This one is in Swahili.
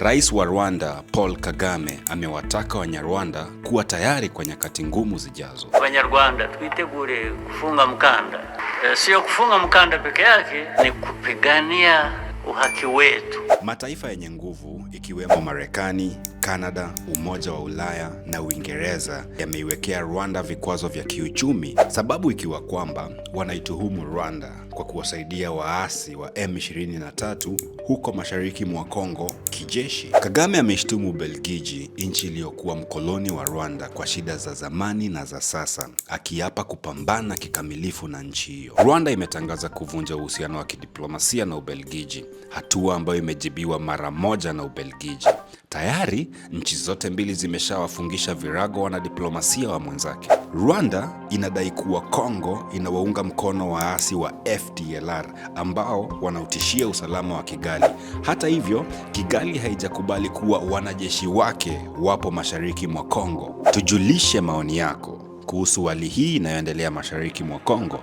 Rais wa Rwanda Paul Kagame amewataka Wanyarwanda kuwa tayari kwa nyakati ngumu zijazo. Wanyarwanda tuitegure kufunga mkanda, eh, sio kufunga mkanda peke yake, ni kupigania uhaki wetu. Mataifa yenye nguvu ikiwemo Marekani, Kanada, Umoja wa Ulaya na Uingereza yameiwekea Rwanda vikwazo vya kiuchumi, sababu ikiwa kwamba wanaituhumu Rwanda kwa kuwasaidia waasi wa M23 huko mashariki mwa Kongo kijeshi. Kagame ameshtumu Ubelgiji, nchi iliyokuwa mkoloni wa Rwanda, kwa shida za zamani na za sasa, akiapa kupambana kikamilifu na nchi hiyo. Rwanda imetangaza kuvunja uhusiano wa kidiplomasia na Ubelgiji hatua ambayo imejibiwa mara moja na Ubelgiji. Tayari nchi zote mbili zimeshawafungisha virago wanadiplomasia wa mwenzake. Rwanda inadai kuwa Kongo inawaunga mkono waasi wa FDLR ambao wanautishia usalama wa Kigali. Hata hivyo, Kigali haijakubali kuwa wanajeshi wake wapo mashariki mwa Kongo. Tujulishe maoni yako kuhusu hali hii inayoendelea mashariki mwa Kongo